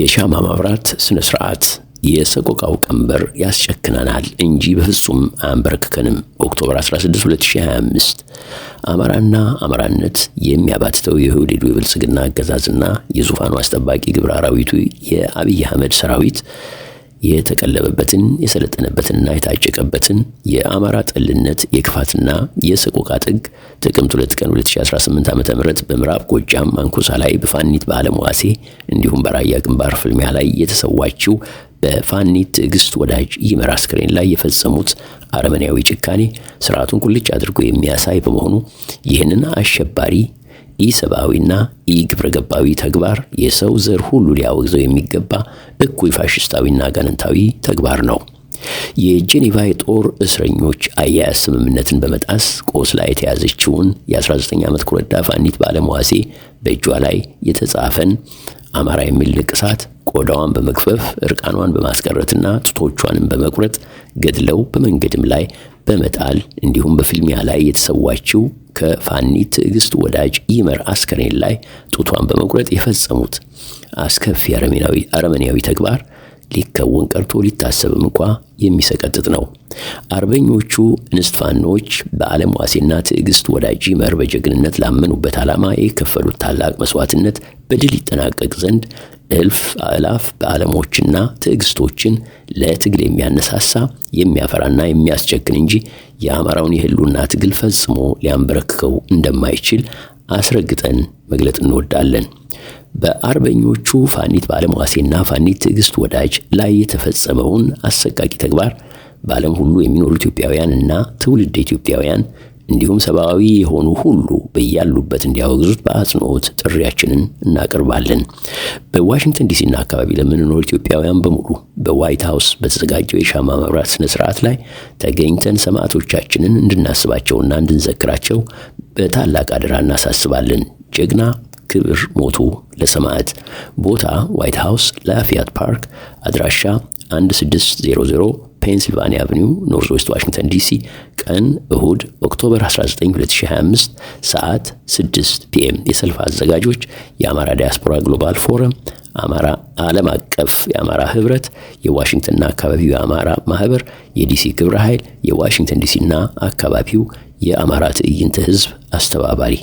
የሻማ ማብራት ስነ ስርዓት የሰቆቃው ቀንበር ያስጨክናናል እንጂ በፍጹም አንበረክከንም። ኦክቶበር 16 2025 አማራና አማራነት የሚያባትተው የኦህዴዱ የብልጽግና አገዛዝና የዙፋኑ አስጠባቂ ግብረ አራዊቱ የአብይ አህመድ ሰራዊት የተቀለበበትን የሰለጠነበትንና የታጨቀበትን የአማራ ጠልነት የክፋትና የሰቆቃ ጥግ ጥቅምት 2 ቀን 2018 ዓ.ም በምዕራብ ጎጃም አንኮሳ ላይ በፋኒት በዓለም ዋሴ እንዲሁም በራያ ግንባር ፍልሚያ ላይ የተሰዋችው በፋኒት ትዕግስት ወዳጅ ይመራ አስክሬን ላይ የፈጸሙት አረመኔያዊ ጭካኔ ስርዓቱን ቁልጭ አድርጎ የሚያሳይ በመሆኑ ይህንን አሸባሪ ኢሰብአዊና ኢግብረገባዊ ተግባር የሰው ዘር ሁሉ ሊያወግዘው የሚገባ እኩይ ፋሽስታዊና አጋንንታዊ ተግባር ነው። የጄኔቫ የጦር እስረኞች አያያዝ ስምምነትን በመጣስ ቆስላ የተያዘችውን የ19 ዓመት ኮረዳ ፋኒት ባለመዋሴ በእጇ ላይ የተጻፈን አማራ የሚል ንቅሳት ቆዳዋን በመግፈፍ እርቃኗን በማስቀረትና ጡቶቿንም በመቁረጥ ገድለው በመንገድም ላይ በመጣል እንዲሁም በፊልሚያ ላይ የተሰዋችው ከፋኒ ትዕግስት ወዳጅ ይመር አስከሬን ላይ ጡቷን በመቁረጥ የፈጸሙት አስከፊ አረመኔያዊ ተግባር ሊከወን ቀርቶ ሊታሰብም እንኳ የሚሰቀጥጥ ነው። አርበኞቹ እንስት በአለም በዓለም ዋሴና ትዕግስት ወዳጅ መር በጀግንነት ላመኑበት ዓላማ የከፈሉት ታላቅ መስዋዕትነት በድል ይጠናቀቅ ዘንድ እልፍ አእላፍ በዓለሞችና ትዕግስቶችን ለትግል የሚያነሳሳ የሚያፈራና የሚያስቸክን እንጂ የአማራውን የህሉና ትግል ፈጽሞ ሊያንበረክከው እንደማይችል አስረግጠን መግለጥ እንወዳለን። በአርበኞቹ ፋኒት ባለሟሴና ፋኒት ትዕግስት ወዳጅ ላይ የተፈጸመውን አሰቃቂ ተግባር በዓለም ሁሉ የሚኖሩ ኢትዮጵያውያን እና ትውልድ ኢትዮጵያውያን እንዲሁም ሰብአዊ የሆኑ ሁሉ በያሉበት እንዲያወግዙት በአጽንኦት ጥሪያችንን እናቀርባለን። በዋሽንግተን ዲሲና አካባቢ ለምንኖር ኢትዮጵያውያን በሙሉ በዋይት ሀውስ በተዘጋጀው የሻማ መብራት ስነ ስርዓት ላይ ተገኝተን ሰማዕቶቻችንን እንድናስባቸውና እንድንዘክራቸው በታላቅ አደራ እናሳስባለን። ጀግና ክብር ሞቱ ለሰማዕት ቦታ ዋይት ሃውስ ላፊያት ፓርክ አድራሻ 1600 ፔንሲልቫኒያ አቨኒው ኖርዝ ዌስት ዋሽንግተን ዲሲ ቀን እሁድ ኦክቶበር 19 2025 ሰዓት 6 ፒኤም የሰልፍ አዘጋጆች የአማራ ዲያስፖራ ግሎባል ፎረም አማራ ዓለም አቀፍ የአማራ ህብረት የዋሽንግተንና አካባቢው የአማራ ማህበር የዲሲ ግብረ ኃይል የዋሽንግተን ዲሲና አካባቢው የአማራ ትዕይንተ ህዝብ አስተባባሪ